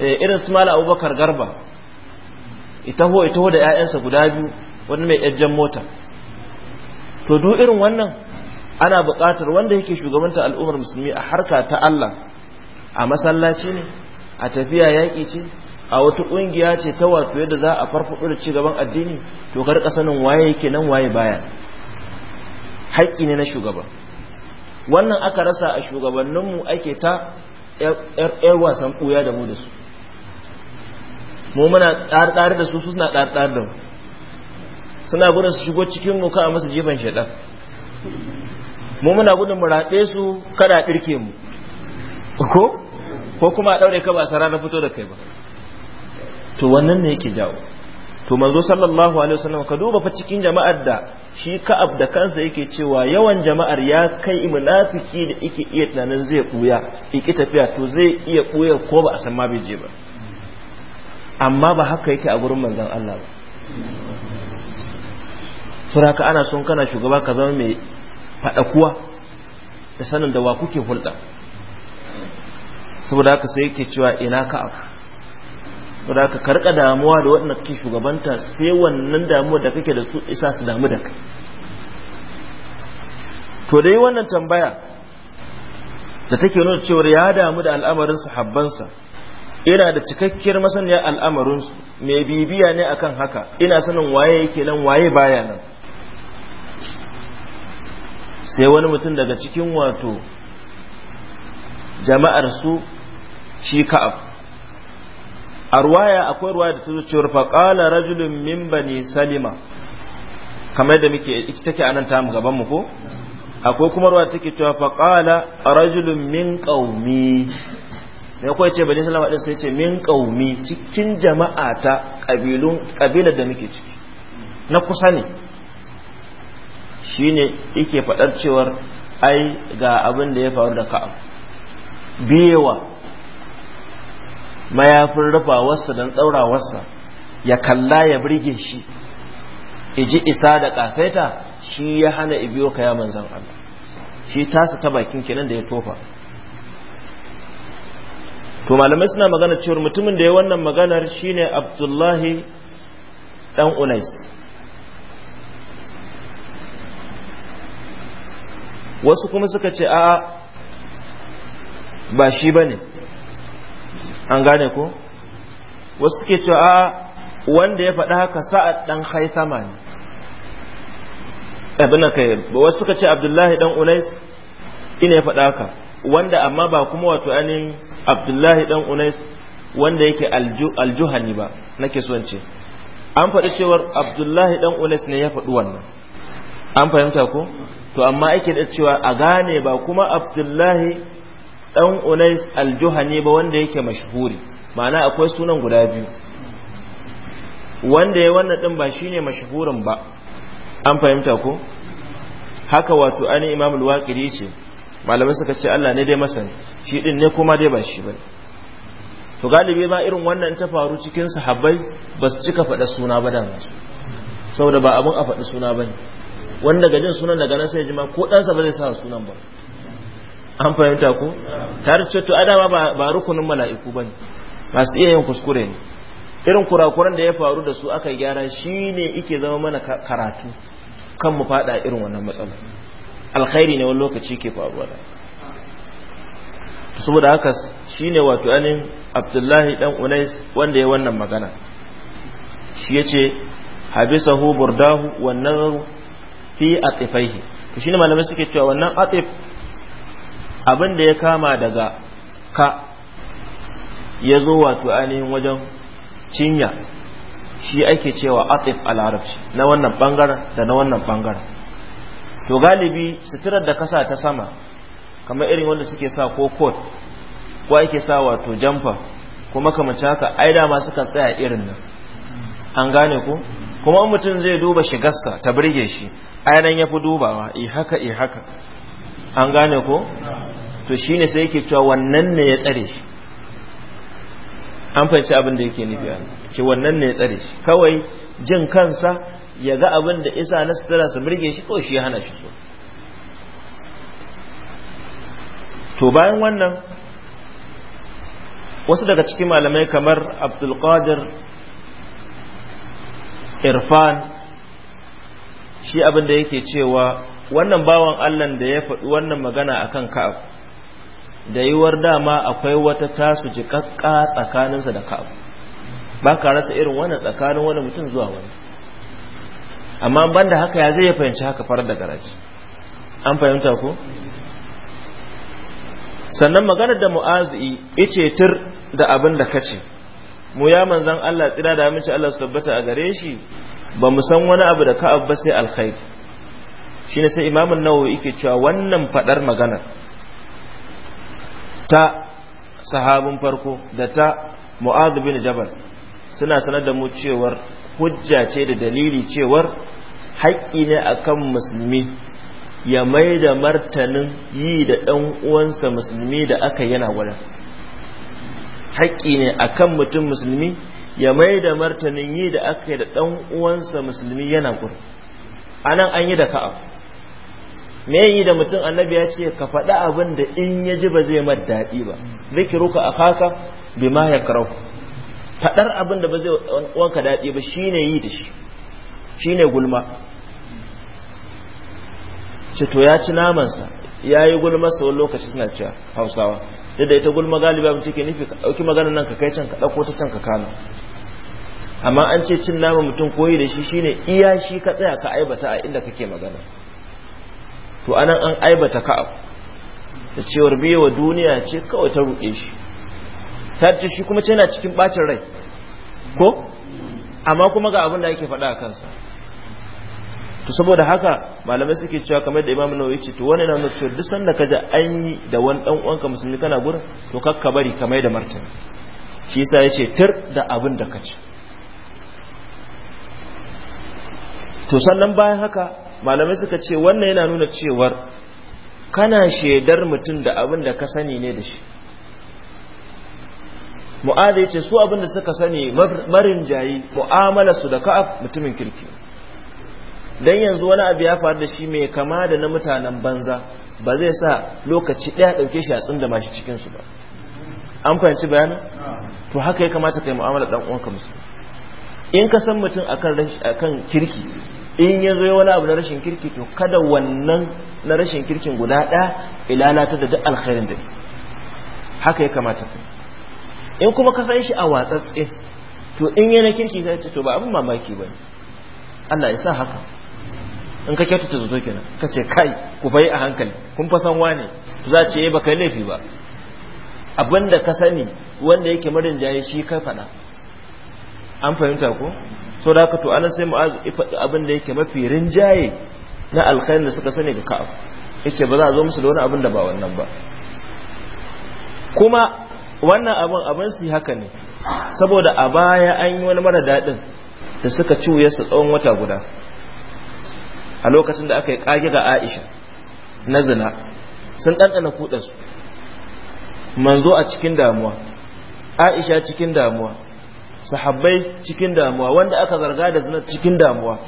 eh, irin su malam Abubakar Garba itaho itaho da ƴaƴansa guda biyu wani mai ƴaƴan mota to duk irin wannan ana buƙatar wanda yake shugabanta al'ummar musulmi a harka ta Allah a masallaci ne a tafiya yaƙi ce a wata ƙungiya ce ta wato yadda za a farfaɗo da ci gaban addini to ka sanin waye yake nan waye baya haƙƙi ne na shugaban. wannan aka rasa a shugabanninmu ake ta ƴar wasan ɓuya da mu da su mu muna ɗarɗar da su suna ɗarɗar da mu suna gudun su shigo cikin mu ka musu jefan shaidan mu muna gudun mu raɗe su kada a ɗirke mu ko ko kuma a ɗaure ka ba sara na fito da kai ba to wannan ne yake jawo to manzo sallallahu alaihi wasallam ka duba fa cikin jama'ar da shi ka'ab da kansa yake cewa yawan jama'ar ya kai munafiki da yake iya tunanin zai buya yake tafiya to zai iya buya ko ba a san ma bai je ba amma ba haka yake a gurin manzon Allah ba suraka ana son kana shugaba ka zama mai faɗakuwa da sanin da wa kuke hulɗa saboda haka sai yake cewa ina ka abu saboda haka karka damuwa da waɗanda kake shugabanta sai wannan damuwa da kake da su isa su damu da kai to dai wannan tambaya da take nuna cewar ya damu da al'amarin sahabbansa ina da cikakkiyar masaniya al'amarinsu mai bibiya ne akan haka ina sanin waye yake nan waye baya nan sai wani mutum daga cikin wato jama'ar su shi ka'ab a ruwaya akwai ruwaya da ta zo cewar faƙala rajulun min bani salima kamar da muke ita take anan ta mu gaban mu ko akwai kuma ruwa take cewa faƙala rajulun min qaumi me ko ce bani salama din sai ce min qaumi cikin jama'a ta kabilun kabila da muke ciki na kusa ne shine yake faɗar cewar ai ga abin da ya faru da ka'ab biyewa mayafin rufawarsa don tsaurawarsa ya kalla ya birge shi iji isa da ƙasaita shi ya hana ibiyo ka ya manzan Allah shi tasa ta bakin kenan da ya tofa to malamai suna magana cewar mutumin da ya wannan maganar shine abdullahi dan unais wasu kuma suka ce a ba shi ba ne an gane ko wasu suke ce a wanda ya faɗa haka sa'ad ɗan haithama ne abin kai wasu suka ce abdullahi ɗan unais ina ya faɗa haka wanda amma ba kuma wato ainihin abdullahi ɗan unais wanda yake aljuhani ba nake so ce an faɗi cewar abdullahi ɗan unais ne ya faɗi wannan an fahimta ko to amma ake da cewa a gane ba kuma abdullahi dan unais aljuhani ba wanda yake mashhuri ma'ana akwai sunan guda biyu wanda ya wannan din ba shine mashhurin ba an fahimta ko haka wato ani imam al ce malamai suka ce Allah ne dai masani shi din ne kuma dai ba shi bane to galibi ma irin wannan ta faru cikin sahabbai ba su cika faɗa suna ba da saboda ba abun a faɗi suna bane wanda daga jin sunan daga nan sai ji ma ko ɗansa ba zai sa sunan ba an fahimta ko tare to adama ba rukunin mala'iku ba ne. masu iya yin kuskure ne irin kurakuran da ya faru da su aka gyara shine ike zama mana karatu kan mu fada irin wannan matsala alkhairi ne wani lokaci ke faruwa da saboda haka shine wato anin abdullahi dan unais wanda ya wannan magana shi yace habisahu burdahu wannan fi atifaihi to shine malamai suke cewa wannan atif abin da ya kama daga ka ya zo wato ainihin wajen cinya shi ake cewa atif a larabci na wannan bangaren da na wannan bangaren to galibi suturar da kasa ta sama kamar irin wanda suke sa ko kot ko ake sa wato jamfa kuma kamar haka ai dama suka tsaya irin nan an gane ko kuma mutum zai duba shigarsa ta burge shi ainihin ya fi dubawa i eh, haka i eh, haka an gane ko to shine sai yake cewa wannan ne ya tsare shi an fahimci abin da yake nufi ce wannan ne ya tsare shi kawai jin kansa ya ga abin da isa na sutura su birge shi ko shi ya hana shi so to bayan wannan wasu daga cikin malamai kamar abdulkadir irfan shi abin da yake cewa wannan bawan Allah da ya faɗi wannan magana akan Ka'ab da yiwar dama akwai wata tasu jikakka tsakaninsa da Ka'ab ba ka rasa irin wannan tsakanin wani mutum zuwa wani amma banda haka ya zai fahimci haka farar da garaji an fahimta ko sannan maganar da mu'azi ice tur da abin da kace mu ya manzan Allah tsira da aminci Allah su tabbata a gare shi ba mu san wani abu da ka'ab ba sai shi shine sai imamun nawawi yake cewa wannan fadar magana ta sahabin farko da ta mu'adh bin jabal suna sanar da mu cewar hujja ce da dalili cewar haƙƙi ne akan musulmi ya mai da martanin yi da ɗan uwansa musulmi da aka yana gwada haƙƙi ne akan mutum musulmi ya mai da martanin yi da aka yi da ɗan uwansa musulmi yana gudu a nan an yi da ka'a. me yi da mutum annabi ya ce ka faɗi abin da in ya ji ba zai mar daɗi ba zikiruka a haka bi ma ya karau faɗar abin da ba zai wanka daɗi ba shine yi da shi shine gulma ce ya ci namansa ya yi gulmarsa wani lokaci suna cewa hausawa duk da ita gulma galiba mutum ke nufi ka ɗauki maganar nan ka kai can ka ɗauko ta can ka kano amma an ce cin nama mutum koyi da shi shine iya shi ka tsaya ka aibata a inda kake magana to anan an aibata ka abu da cewar wa duniya ce kawai ta ruɗe shi ta ce shi kuma ce yana cikin bacin rai ko amma kuma ga abin da yake faɗa a kansa to saboda haka malamai suke cewa kamar da imamu nawawi ce to wani na nufi duk sanda ka ji an yi da wani dan uwanka musulmi kana gurin to kakka bari kamar da martani shi yasa yace tir da abin da ka ci to sannan bayan haka malamai suka ce wannan yana nuna cewar kana shaidar mutum da abin da ka sani ne da shi mu'adha ce su abin da suka sani marin jayi mu'amala su da ka'af mutumin kirki dan yanzu wani abu ya faru da shi mai kama da na mutanen banza ba zai sa lokaci daya dauke shi a tsinda mashi cikinsu ba an fahimci bayanin to haka ya kamata kai mu'amala dan uwanka musu in ka san mutum a akan kirki in ya zo wani abu na rashin kirki to kada wannan na rashin kirkin guda ɗaya ta da duk alkhairin da haka ya kamata in kuma ka san shi a watsatse to in na kirki sai ce to ba abin mamaki ba Allah ya sa haka in ka kyautata zuzo kenan ka ce kai ku bai a hankali kun fa san wane za ce eh, ba kai laifi ba abin da ka sani wanda yake marin jaye shi ka faɗa an fahimta ko so da to anan sai mu ifadi abin da yake mafi rinjaye na alkhairin da suka sani ga ka'ab yace ba za a zo musu da wani abin da ba wannan ba kuma wannan abin abin su haka ne saboda a baya an yi wani mara daɗin da suka ci wuyarsa tsawon wata guda a lokacin da aka yi ƙage ga aisha na zina sun ɗanɗana kuɗa su manzo a cikin damuwa aisha cikin damuwa sahabbai cikin damuwa wanda aka zarga da zina cikin damuwa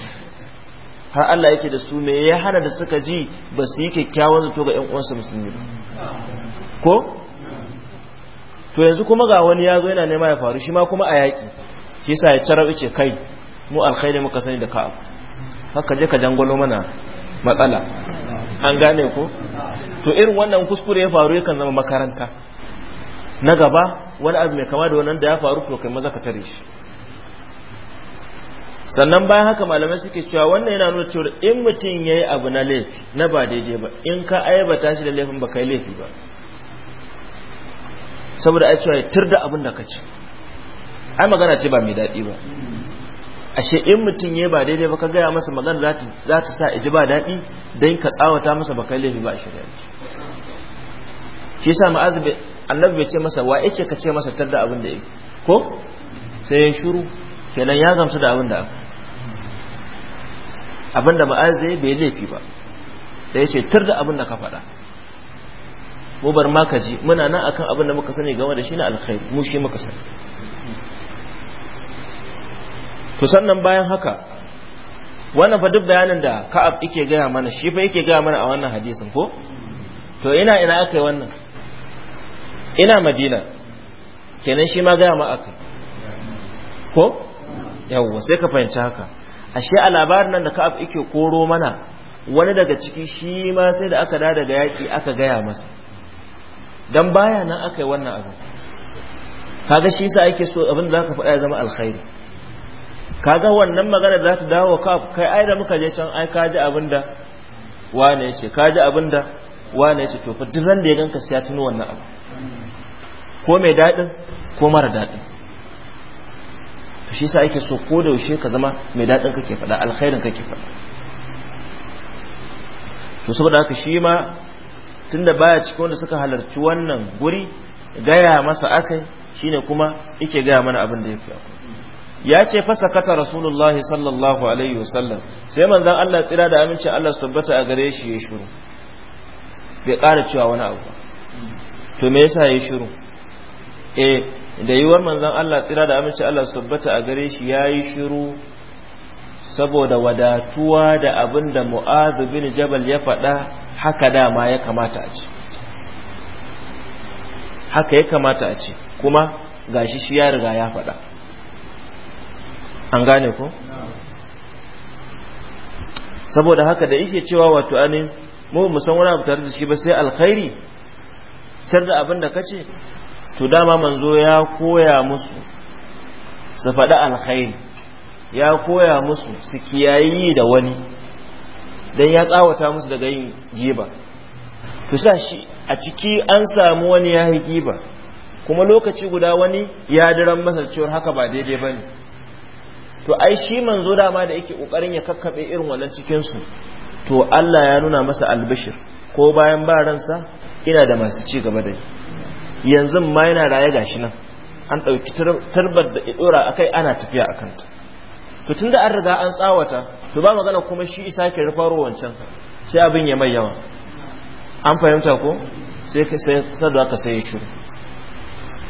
har Allah yake da su me ya hana da suka ji ba su yi kyakkyawan zato ga 'yan uwansu musulmi ba ko to yanzu kuma ga wani ya zo yana nema ya faru shi ma kuma a yaƙi shi sa ya cara ce kai mu alkhairi muka sani da Ka haka je ka jangwalo mana matsala an gane ko to irin wannan kuskure ya faru yakan zama makaranta na gaba wani abu mai kama da wannan da ya faru to kai maza ka tare shi sannan bayan haka malamai suke cewa wannan yana nuna cewa in mutum ya yi abu na laifi na ba daidai ba in ka aibata shi da laifin ba kai laifi ba saboda a cewa ya tur da abin da ka ci ai magana ce ba mai daɗi ba ashe in mutum ya ba daidai ba ka gaya masa magana za ta sa iji ba daɗi don ka tsawata masa ba kai laifi ba a shirya shi sa ma'azu annabi bai ce masa wa yace ka ce masa tarda abin da yake ko sai ya shiru kenan ya gamsu da abin da aka abin da ma'az zai bai laifi ba da yace tarda abin da ka faɗa mu bar ma ka ji muna nan akan abin da muka sani game da shi na alkhair mu shi muka sani to sannan bayan haka wannan fa duk bayanin da Ka'ab yake gaya mana shi fa yake gaya mana a wannan hadisin ko to ina ina aka yi wannan ina madina kenan shi ma gaya ma aka ko yawwa sai ka fahimci haka ashe a labarin nan da ka ike koro mana wani daga ciki shi ma sai da aka da daga yaƙi aka gaya masa Don baya nan aka yi wannan abu kaga shi sa ake so abin da ka faɗa ya zama alkhairi kaga wannan magana da ta dawo ka kai ai da muka je can ai ka ji abin da wane yace ka ji abin da wane yace to fa duk ran da ya ganka sai ya tuno wannan abu ko mai daɗin ko mara daɗin shi sa ake so ko da yaushe ka zama mai daɗin kake faɗa alkhairin kake faɗa to saboda haka shi ma tunda baya cikin wanda suka halarci wannan guri gaya masa akai shine kuma yake gaya mana abin da yake akwai ya ce fasa kata rasulullahi sallallahu alaihi wasallam sai manzan Allah tsira da aminci Allah su tabbata a gare shi ya shuru bai ƙara cewa wani abu to me yasa yayi shiru e, da yiwuwar manzon Allah tsira da aminci Allah su tabbata a gare shi yayi shiru saboda wadatuwa da abin da Mu'adh bin Jabal ya faɗa haka dama ya kamata a ce haka ya kamata a ce kuma gashi shi ya riga ya faɗa an gane ko saboda haka da yake cewa wato anin mu musan wani abu tare da shi ba sai alkhairi tar da abin da ka ce to dama manzo ya koya musu su faɗi alkhairi ya koya musu su kiyayi da wani don ya tsawata musu daga yin giba to sa shi a ciki an samu wani ya yi giba kuma lokaci guda wani ya diran masa cewar haka ba daidai ba ne to ai shi manzo dama da yake kokarin ya kakkaɓe irin wannan cikin su to Allah ya nuna masa albishir ko bayan ba ransa ina da masu ci gaba da ni yanzu ma yana raye gashi nan an ɗauki tarbar da ɗora a kai ana tafiya a kanta to tun da an riga an tsawata to ba magana kuma shi isa ke rufaro wancan sai abin ya mai yawa an fahimta ko sai ka sai sadwa ka sai shiru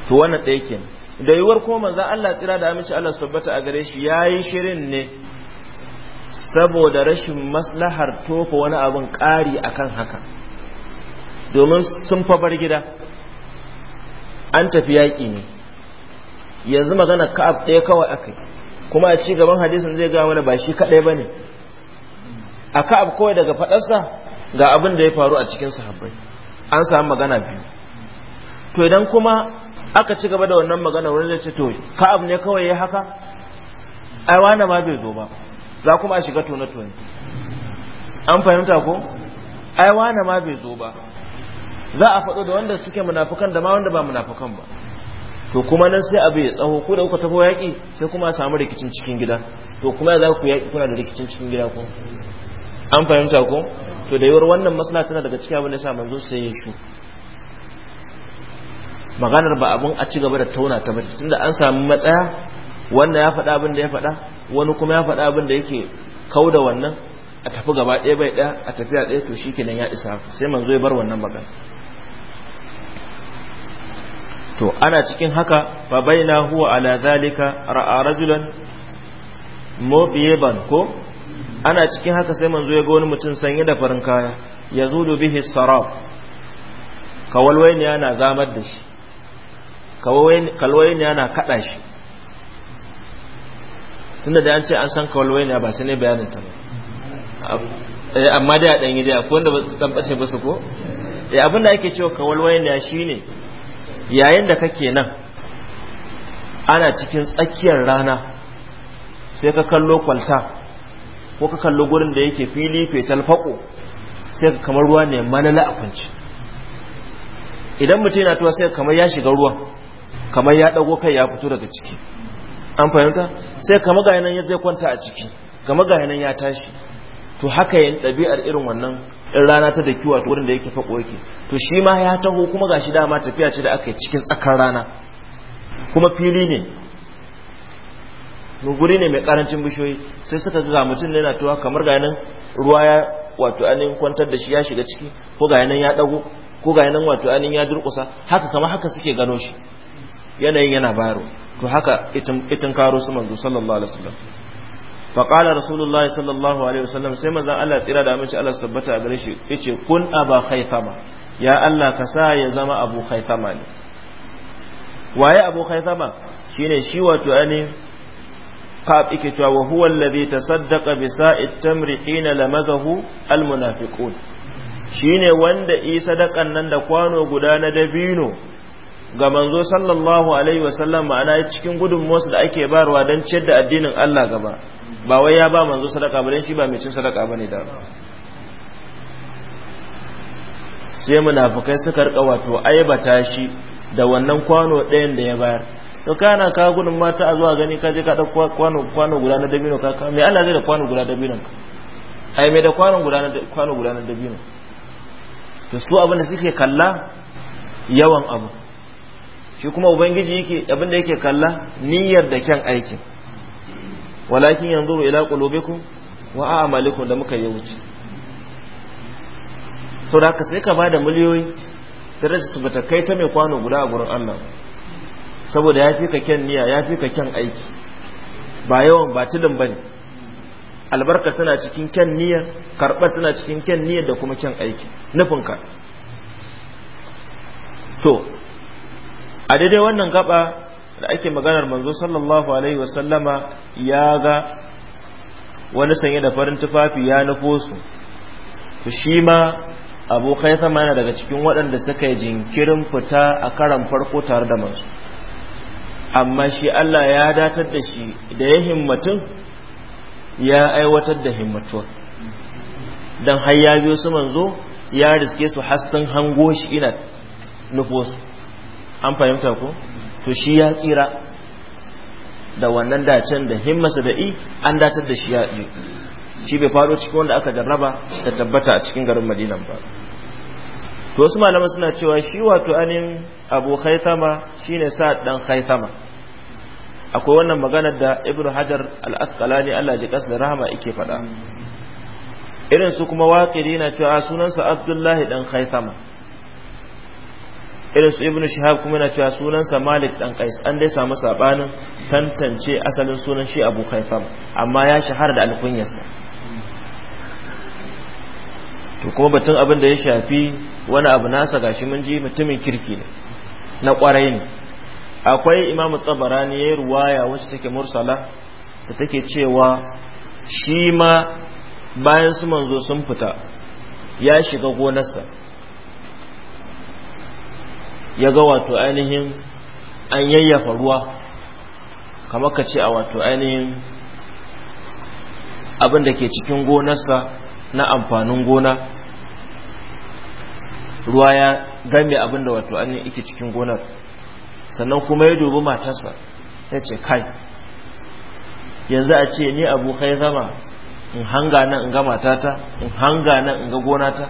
to wannan ɗaya kenan da yiwuwar kuma manzon Allah tsira da aminci Allah su tabbata a gare shi yi shirin ne saboda rashin maslahar tofa wani abin ƙari akan haka domin sun fa bar gida an tafi yaƙi ne yanzu magana ka'ab ɗaya kawai yi kuma a ci gaban hadisin zai gawa mana ba shi kaɗai ba ne a ka'ab kawai daga faɗarsa ga abin da ya faru a cikin sahabbai an samu magana biyu to idan kuma aka ci gaba da wannan magana wani zai ce to ka'ab ne kawai ya haka ai wani ma bai zo ba za kuma a shiga tone-tone an fahimta ko ai wani ma bai zo ba za a faɗo da wanda suke munafukan da ma wanda ba munafukan ba to kuma nan sai abu ya tsaho ko da kuka taho yaƙi sai kuma a samu rikicin cikin gida to kuma za ku yaƙi kuna da rikicin cikin gida ko an fahimta ko to da yawar wannan masala tana daga cikin abin da sa manzo sai ya shu maganar ba abun a ci gaba da tauna ta bace tunda an samu matsaya wanda ya faɗa abin da ya faɗa wani kuma ya faɗa abin da yake kauda wannan a tafi gaba ɗaya bai ɗaya a tafiya ɗaya to shi kenan ya isa sai manzo ya bar wannan magana to ana cikin haka fa baina huwa ala zalika ra'a rajulan mubiban ko ana cikin haka sai manzo ya ga wani mutum sanye da farin kaya yazudu bihi sarab kawalwai ne yana zamar da shi kawalwai ne yana kada shi tunda da an ce an san kawalwai ne ba sai ne bayanin ta eh, amma dai a ɗanyi dai akwai wanda ba su ɗan ɓace ba su ko eh, abinda ake cewa kawalwai ne shine yayin da kake nan ana cikin tsakiyar rana sai ka kallo kwalta ko ka kallo gurin da yake fili fetal fako sai ka kamar ruwa ne manala a kwanci idan mutum yana tuwa sai kamar ya shiga ruwa kamar ya dago kai ya fito daga ciki an fahimta sai kama ga nan ya zai kwanta a ciki kama ga nan ya tashi to haka yin ɗabi'ar irin wannan in rana ta daki kiwa wurin da yake fako yake to shi ma ya taho kuma gashi dama tafiya ce da aka yi cikin tsakar rana kuma fili ne guri ne mai karancin bishiyoyi sai suka ga mutum ne na tuwa kamar ga nan ruwa ya wato anin kwantar da shi ya shiga ciki ko ga nan ya dago ko ga nan wato anin ya durkusa haka kama haka suke gano shi yanayin yana baro to haka itin karo su manzo sallallahu alaihi wasallam faƙala rasulullahi sallallahu alaihi wasallam sai mazan Allah tsira da aminci Allah su tabbata a gare shi yace kun aba khaythama ya Allah ka ya zama abu khaythama ne waye abu khaythama shine shi wato ani qab yake cewa wa huwa alladhi tasaddaqa bi sa'it tamri hina lamazahu almunafiqun shine wanda yi sadakan nan da kwano guda na dabino ga manzo sallallahu alaihi wasallam ma'ana cikin gudunmuwarsa da ake barwa don ciyar da addinin Allah gaba ba wai ya ba manzo sadaka bane shi ba mai cin sadaka bane da sai munafikai suka rika wato aibata shi da wannan kwano ɗayan da ya bayar to kana ka gudun mata a zuwa gani ka je ka da kwano kwano guda na dabino ka ka me Allah zai da kwano guda dabino ka ai mai da kwano guda na kwano guda na dabino to su abin da suke kalla yawan abu shi kuma ubangiji yake abin da yake kalla niyyar da kyan aikin walakin yanzu ila qulubikum wa a'malikum da muka yi wuce to da ka sai ka bada miliyoyi daraja su bata kai ta mai kwano guda a gurin Allah saboda ya fi ka kyan niyya ya fi ka kyan aiki ba yawan ba tudun bane albarka tana cikin kyan niyya karɓar tana cikin kyan niyya da kuma kyan aiki nufin ka. to a daidai wannan gaba da ake maganar manzo sallallahu alaihi wasallama ya ga wani sanye da farin tufafi ya nufo su to shi ma abu sama yana daga cikin waɗanda suka yi jinkirin fita a karan farko tare da manzo amma shi Allah ya datar da shi da ya himmatun ya aiwatar da himmatuwa don har ya biyo su manzo ya riske su hassan hango shi ina nufo su an fahimta ko? to shi ya tsira da wannan dacen da himmasa da i an datar da shi ya yi shi bai faro cikin wanda aka jarraba da tabbata a cikin garin madinan ba to wasu malaman suna cewa shi wato anin abu khaitama shine sa dan khaitama akwai wannan maganar da ibnu hajar al-asqalani Allah ji kasar rahama yake faɗa irin su kuma waqidi na cewa sunansa abdullahi dan khaitama irin su ibnu shihab kuma yana cewa sunansa malik dan qais an dai samu sabanin tantance asalin sunan shi abu kaifam amma ya shahara da alkunyarsa to kuma batun abin da ya shafi wani abu nasa gashi mun ji mutumin kirki ne na kwarai ne akwai imamu tsabarani ya ruwaya wacce take mursala da take cewa shi ma bayan su manzo sun fita ya shiga gonarsa ya ga wato ainihin an yayyafa ruwa kamar ka ce a wato ainihin abin da ke cikin gonarsa na amfanin gona ruwa ya game abin da wato ainihin ike cikin gonar sannan kuma ya dubi matarsa ya ce kai yanzu a ce ni abu kai zama in hanga nan in ga matata in hanga nan in ga gonata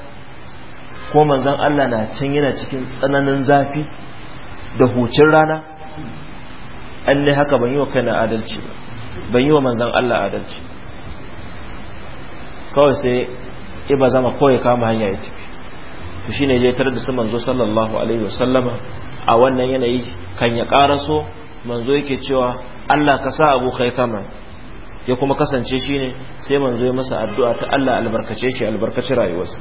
ko manzan Allah na can yana cikin tsananin zafi da hucin rana an ne haka ban yi wa kaina adalci ba ban yi wa manzan Allah adalci kawai sai iba zama kawai kama hanya ya tafi to shi je tarar da su manzo sallallahu alaihi wasallama a wannan yanayi kan ya so manzo yake cewa Allah ka sa Abu kama ya kuma kasance shi ne sai manzo ya masa addu'a ta Allah albarkace shi albarkaci rayuwarsa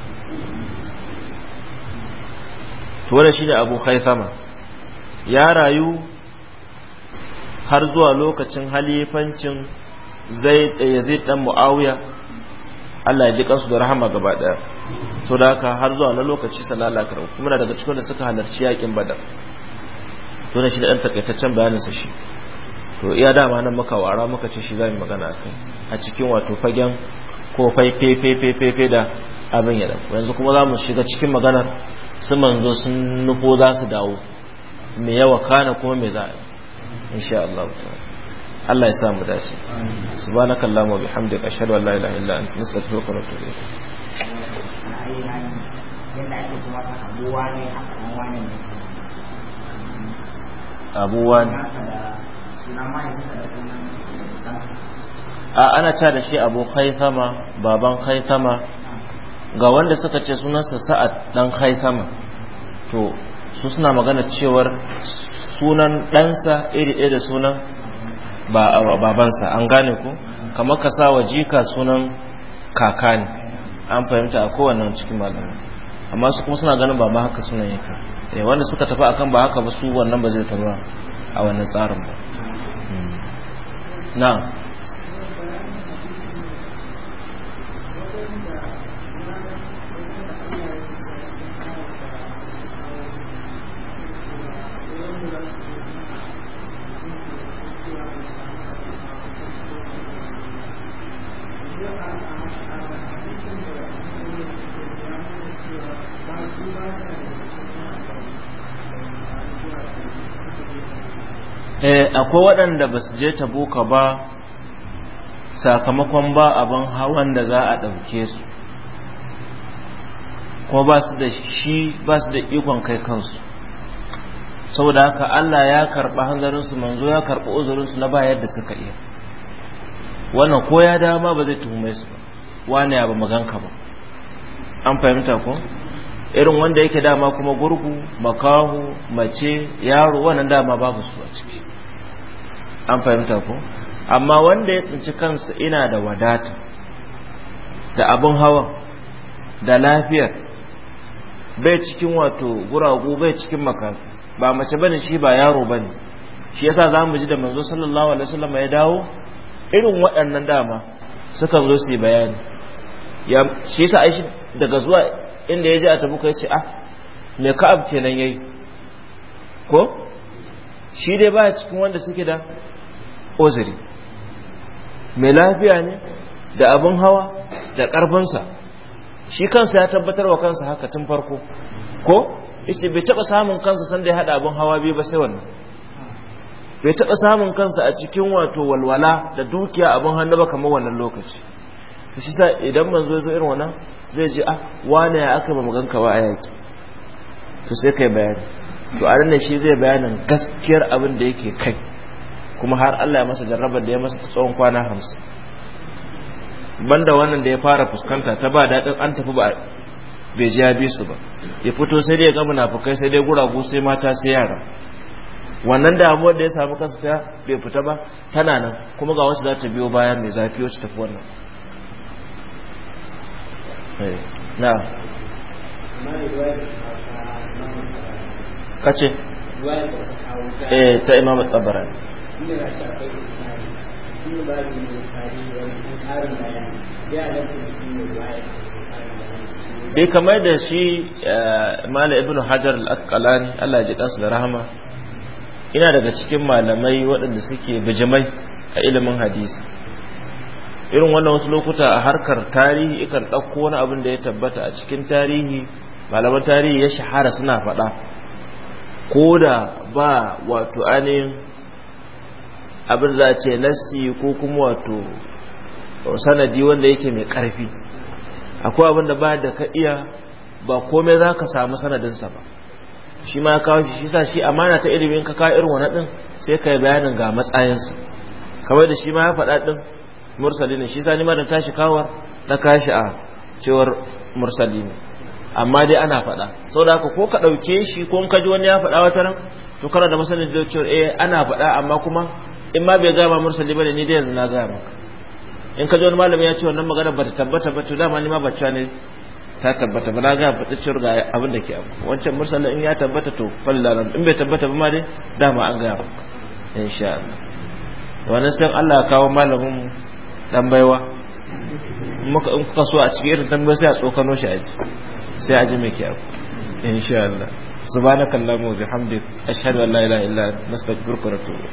to wannan shine abu khaisama ya rayu har zuwa lokacin halifancin zaid eh, yazid dan muawiya Allah ya ji kansu da rahama gaba daya to da haka har zuwa na lokaci sallallahu alaihi wasallam kuma daga cikin da suka halarci yakin badar to ne shi da dan takaitaccen bayanin sa shi to iya dama nan muka wara muka ce shi zamu magana akai a cikin wato fagen ko fai fefe fefe da abin ya yanzu kuma zamu shiga cikin maganar su manzo sun nufo za su dawo mai yawa kana kuma mai za'a insha Allah Allah ya samu dace subhanaka allahumma bihamdika ashhadu an la ilaha illa anta astaghfiruka wa atubu ilayk yanda ake cewa abuwa ne a ana ta da shi abu khaithama baban khaithama ga wanda suka ce sunansa sa'ad dan haithama to su suna magana cewar sunan ɗansa iri ɗaya da sunan babansa an gane ku kamar ka sa wa jika sunan kaka ne an fahimta a kowane cikin malamai amma su kuma suna ganin ba ma haka sunan yake eh wanda suka tafi akan ba haka ba su wannan ba zai taɓa a wannan tsarin ba hmm. na. Eh, akwai waɗanda ba su je tabuka ba sakamakon ba abin hawan da za a ɗauke su ko ba su da shi ba su da ikon kai kansu saboda haka Allah ya karɓi hanzarinsu manzo ya karɓi uzurinsu na bayar da suka iya wannan ko ya dama ba zai tuhume su ba wani ya ba maganka ba an fahimta ko irin wanda yake dama kuma gurgu makahu mace yaro wannan dama babu su a ciki an fahimta ko amma wanda ya tsinci kansa ina da wadata da abin hawa da lafiyar bai cikin wato guragu bai cikin makafi ba mace bane shi ba yaro bane shi yasa zamu ji da manzo sallallahu alaihi wasallam ya dawo irin waɗannan dama suka zo su yi bayani ya shi yasa aishi daga zuwa inda ya je a tabuka ya ce ah me ka'ab kenan yayi ko shi dai ba cikin wanda suke da oziri mai lafiya ne da abin hawa da ƙarfinsa shi kansa ya tabbatar wa kansa haka tun farko ko yace bai taɓa samun kansa sanda ya haɗa abin hawa biyu ba sai wannan bai taɓa samun kansa a cikin wato walwala da dukiya abin hannu ba kamar wannan lokaci ta shi sa idan manzo zo irin wannan zai ji a ah, wane ya aka ba ba a yaki to sai kai bayani to a shi zai bayanin gaskiyar abin da yake kai kuma har Allah ya masa jarrabar da ya masa tsawon kwana hamsin banda wannan da ya fara fuskanta ta ba daɗin an tafi ba bai ji ya bi su ba ya fito sai dai ya ga munafukai sai dai guragu sai mata sai yara wannan damuwar da ya samu kansa ta bai fita ba tana nan kuma ga wasu za ta biyo baya mai zafi wacce tafi wannan eh, na kace eh ta imamu tsabaran bai kamar da shi eh, mala ibn hajar al-asqalani Allah ya ji kansa da rahama ina daga cikin malamai waɗanda suke bijimai a ilimin hadisi irin wannan wasu lokuta a harkar tarihi ikan ɗauko wani abin da ya tabbata a cikin tarihi malaman tarihi ya shahara suna faɗa ko da ba wato ainihin abin za ce nassi ko kuma wato sanadi wanda yake mai ƙarfi akwai abin da ba da ka iya ba komai za ka samu sanadinsa ba shi ma kawo shi shi sa shi amana ta ilimin ka kawo irin wani din sai ka yi bayanin ga matsayinsu kawai da shi ma ya faɗa din mursali ne shi sa ni ma da tashi kawar na kashi a cewar mursali ne amma dai ana faɗa sau da ko ka ɗauke shi ko ka ji wani ya faɗa wata ran to kana da masanin da cewar eh ana faɗa amma kuma in ma bai gaya ma mursali bane ni dai yanzu na gaya maka in ka ji wani malami ya ce wannan magana ba ta tabbata ba to dama ni ma ba ne ta tabbata ba na ga faɗi ga abin da ke abu wancan mursala in ya tabbata to fallalan in bai tabbata ba ma dai dama an gaya maka insha Allah wannan sai Allah ya kawo malamin dan baiwa muka in kuka so a cikin irin tambayar sai a tsokano shi aji sai aji mai ke abu insha Allah subhanakallahumma wa bihamdika ashhadu an la ilaha illa anta astaghfiruka wa atubu